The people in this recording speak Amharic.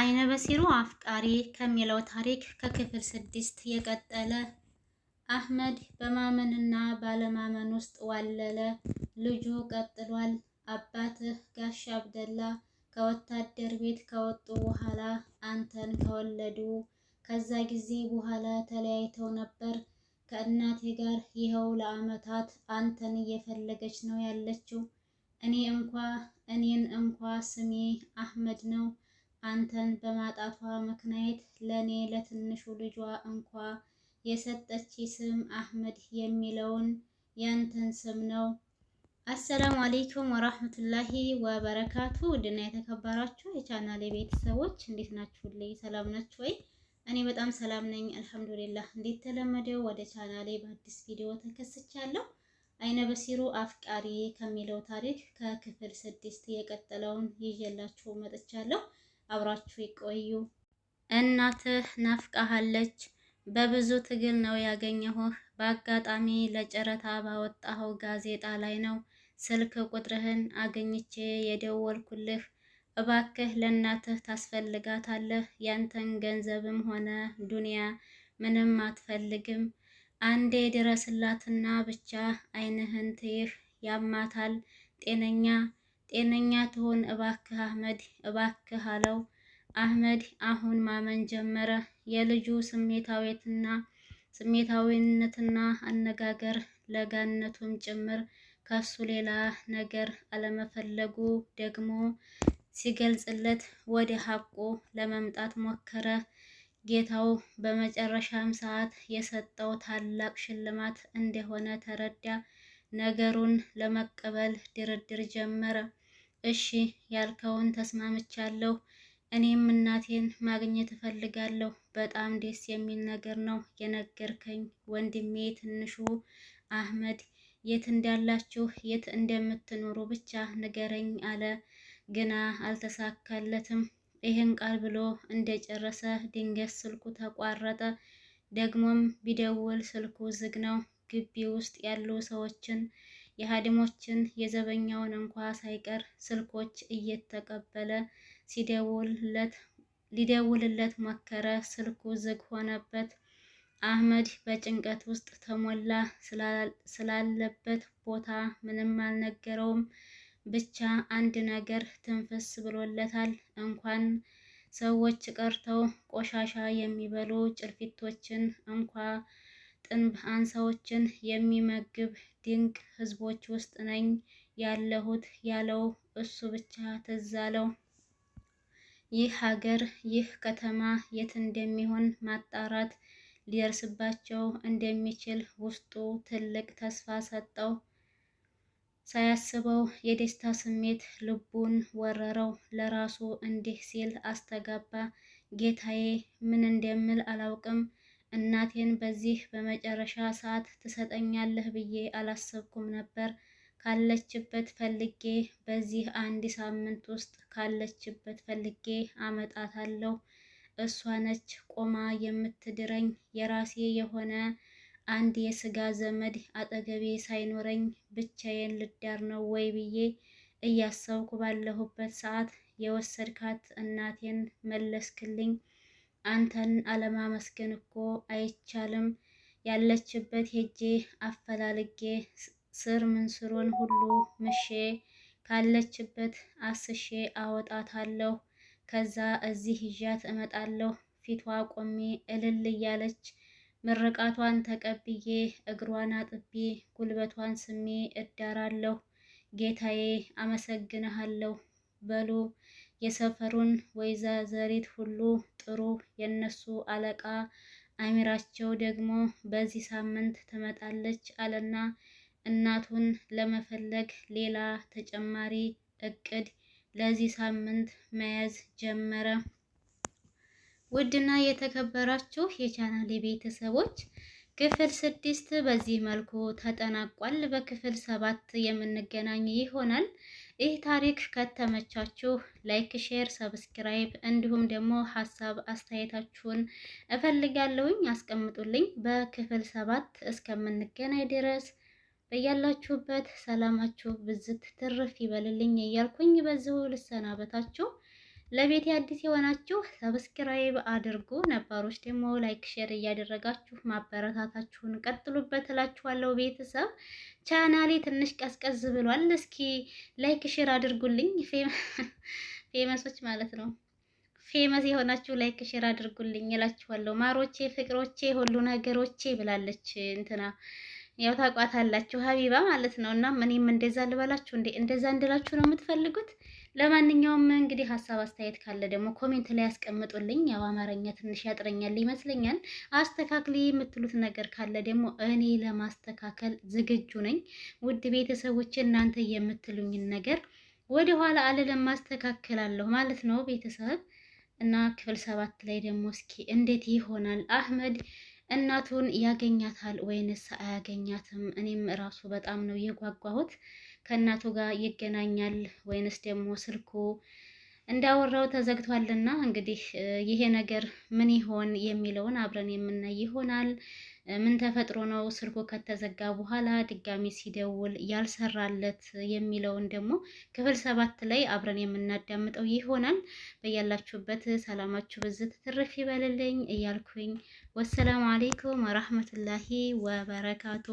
አይነ በሲሩ አፍቃሪ ከሚለው ታሪክ ከክፍል ስድስት የቀጠለ አህመድ በማመንና ባለማመን ውስጥ ዋለለ። ልጁ ቀጥሏል። አባትህ ጋሽ አብደላ ከወታደር ቤት ከወጡ በኋላ አንተን ከወለዱ ከዛ ጊዜ በኋላ ተለያይተው ነበር። ከእናቴ ጋር ይኸው ለአመታት አንተን እየፈለገች ነው ያለችው። እኔ እንኳ እኔን እንኳ ስሜ አህመድ ነው አንተን በማጣቷ ምክንያት ለእኔ ለትንሹ ልጇ እንኳ የሰጠች ስም አህመድ የሚለውን ያንተን ስም ነው። አሰላሙ አሌይኩም ወራህመቱላሂ ወበረካቱ። ውድና የተከበራችሁ የቻናል ቤተሰቦች እንዴት ናችሁልኝ? ሰላም ናችሁ ወይ? እኔ በጣም ሰላም ነኝ አልሐምዱሊላህ። እንደተለመደው ወደ ቻናሌ በአዲስ ቪዲዮ ተከስቻለሁ። አይነ በሲሩ አፍቃሪ ከሚለው ታሪክ ከክፍል ስድስት የቀጠለውን ይዤላችሁ መጥቻለሁ። አብራችሁ ይቆዩ። እናትህ ናፍቃሃለች። በብዙ ትግል ነው ያገኘሁህ። በአጋጣሚ ለጨረታ ባወጣኸው ጋዜጣ ላይ ነው ስልክ ቁጥርህን አገኝቼ የደወልኩልህ። እባክህ ለእናትህ ታስፈልጋታለህ። ያንተን ገንዘብም ሆነ ዱንያ ምንም አትፈልግም። አንዴ ድረስላትና ብቻ አይንህን ትይህ ያማታል ጤነኛ ጤነኛ ትሆን እባክህ አህመድ እባክህ አለው። አህመድ አሁን ማመን ጀመረ። የልጁ ስሜታዊትና ስሜታዊነትና አነጋገር ለጋነቱም ጭምር ከሱ ሌላ ነገር አለመፈለጉ ደግሞ ሲገልጽለት ወደ ሀቁ ለመምጣት ሞከረ። ጌታው በመጨረሻም ሰዓት የሰጠው ታላቅ ሽልማት እንደሆነ ተረዳ። ነገሩን ለመቀበል ድርድር ጀመረ። እሺ ያልከውን ተስማምቻለሁ። እኔም እናቴን ማግኘት እፈልጋለሁ። በጣም ደስ የሚል ነገር ነው የነገርከኝ ወንድሜ። ትንሹ አህመድ የት እንዳላችሁ የት እንደምትኖሩ ብቻ ንገረኝ አለ። ግና አልተሳካለትም። ይህን ቃል ብሎ እንደጨረሰ ድንገት ስልኩ ተቋረጠ። ደግሞም ቢደውል ስልኩ ዝግ ነው። ግቢ ውስጥ ያሉ ሰዎችን የሀዲሞችን የዘበኛውን እንኳ ሳይቀር ስልኮች እየተቀበለ ሲደውልለት ሊደውልለት ሞከረ። ስልኩ ዝግ ሆነበት። አህመድ በጭንቀት ውስጥ ተሞላ። ስላለበት ቦታ ምንም አልነገረውም። ብቻ አንድ ነገር ትንፍስ ብሎለታል። እንኳን ሰዎች ቀርተው ቆሻሻ የሚበሉ ጭልፊቶችን እንኳ ጥንብ አንሳዎችን የሚመግብ ድንቅ ሕዝቦች ውስጥ ነኝ ያለሁት ያለው እሱ ብቻ ትዝ አለው። ይህ ሀገር፣ ይህ ከተማ የት እንደሚሆን ማጣራት ሊደርስባቸው እንደሚችል ውስጡ ትልቅ ተስፋ ሰጠው። ሳያስበው የደስታ ስሜት ልቡን ወረረው። ለራሱ እንዲህ ሲል አስተጋባ፣ ጌታዬ ምን እንደምል አላውቅም። እናቴን በዚህ በመጨረሻ ሰዓት ትሰጠኛለህ ብዬ አላሰብኩም ነበር። ካለችበት ፈልጌ በዚህ አንድ ሳምንት ውስጥ ካለችበት ፈልጌ አመጣታለሁ። እሷ ነች ቆማ የምትድረኝ። የራሴ የሆነ አንድ የስጋ ዘመድ አጠገቤ ሳይኖረኝ ብቻዬን ልዳር ነው ወይ ብዬ እያሰብኩ ባለሁበት ሰዓት የወሰድካት እናቴን መለስክልኝ። አንተን አለማመስገን እኮ አይቻልም። ያለችበት ሄጄ አፈላልጌ ስር ምንስሩን ሁሉ ምሼ ካለችበት አስሼ አወጣታለሁ። ከዛ እዚህ ይዣት እመጣለሁ። ፊቷ ቆሜ እልል እያለች ምርቃቷን ተቀብዬ እግሯን አጥቤ ጉልበቷን ስሜ እዳራለሁ። ጌታዬ አመሰግንሃለሁ። በሉ የሰፈሩን ዘሪት ሁሉ ጥሩ። የእነሱ አለቃ አሚራቸው ደግሞ በዚህ ሳምንት ትመጣለች አለና እናቱን ለመፈለግ ሌላ ተጨማሪ እቅድ ለዚህ ሳምንት መያዝ ጀመረ። ውድና የተከበራችሁ የቻናሌ ቤተሰቦች ክፍል ስድስት በዚህ መልኩ ተጠናቋል። በክፍል ሰባት የምንገናኝ ይሆናል። ይህ ታሪክ ከተመቻችሁ ላይክ፣ ሼር፣ ሰብስክራይብ እንዲሁም ደግሞ ሀሳብ አስተያየታችሁን እፈልጋለሁኝ አስቀምጡልኝ። በክፍል ሰባት እስከምንገናኝ ድረስ በያላችሁበት ሰላማችሁ ብዝት ትርፍ ይበልልኝ እያልኩኝ በዚሁ ልሰናበታችሁ። ለቤት አዲስ የሆናችሁ ሰብስክራይብ አድርጉ፣ ነባሮች ደግሞ ላይክ ሼር እያደረጋችሁ ማበረታታችሁን ቀጥሉበት እላችኋለሁ። ቤተሰብ ቻናሌ ትንሽ ቀዝቀዝ ብሏል። እስኪ ላይክ ሼር አድርጉልኝ፣ ፌመሶች ማለት ነው። ፌመስ የሆናችሁ ላይክ ሼር አድርጉልኝ እላችኋለሁ። ማሮቼ፣ ፍቅሮቼ፣ ሁሉ ነገሮቼ ብላለች እንትና ያው ታውቋታላችሁ ሀቢባ ማለት ነው። እና እኔም እንደዛ ልበላችሁ እንዴ? እንደዛ እንድላችሁ ነው የምትፈልጉት? ለማንኛውም እንግዲህ ሀሳብ አስተያየት ካለ ደግሞ ኮሜንት ላይ ያስቀምጡልኝ። ያው አማርኛ ትንሽ ያጥረኛል ይመስለኛል። አስተካክል የምትሉት ነገር ካለ ደግሞ እኔ ለማስተካከል ዝግጁ ነኝ። ውድ ቤተሰቦች እናንተ የምትሉኝን ነገር ወደ ኋላ አልልም፣ አስተካክላለሁ ማለት ነው ቤተሰብ እና ክፍል ሰባት ላይ ደግሞ እስኪ እንዴት ይሆናል አህመድ እናቱን ያገኛታል ወይንስ አያገኛትም? እኔም ራሱ በጣም ነው የጓጓሁት። ከእናቱ ጋር ይገናኛል ወይንስ ደግሞ ስልኩ እንዳወራው ተዘግቷልና እንግዲህ ይሄ ነገር ምን ይሆን የሚለውን አብረን የምናይ ይሆናል። ምን ተፈጥሮ ነው ስልኩ ከተዘጋ በኋላ ድጋሚ ሲደውል ያልሰራለት የሚለውን ደግሞ ክፍል ሰባት ላይ አብረን የምናዳምጠው ይሆናል። በያላችሁበት ሰላማችሁ ብዝት ትርፍ ይበልልኝ እያልኩኝ ወሰላሙ አሌይኩም ወረህመቱላሂ ወበረካቱ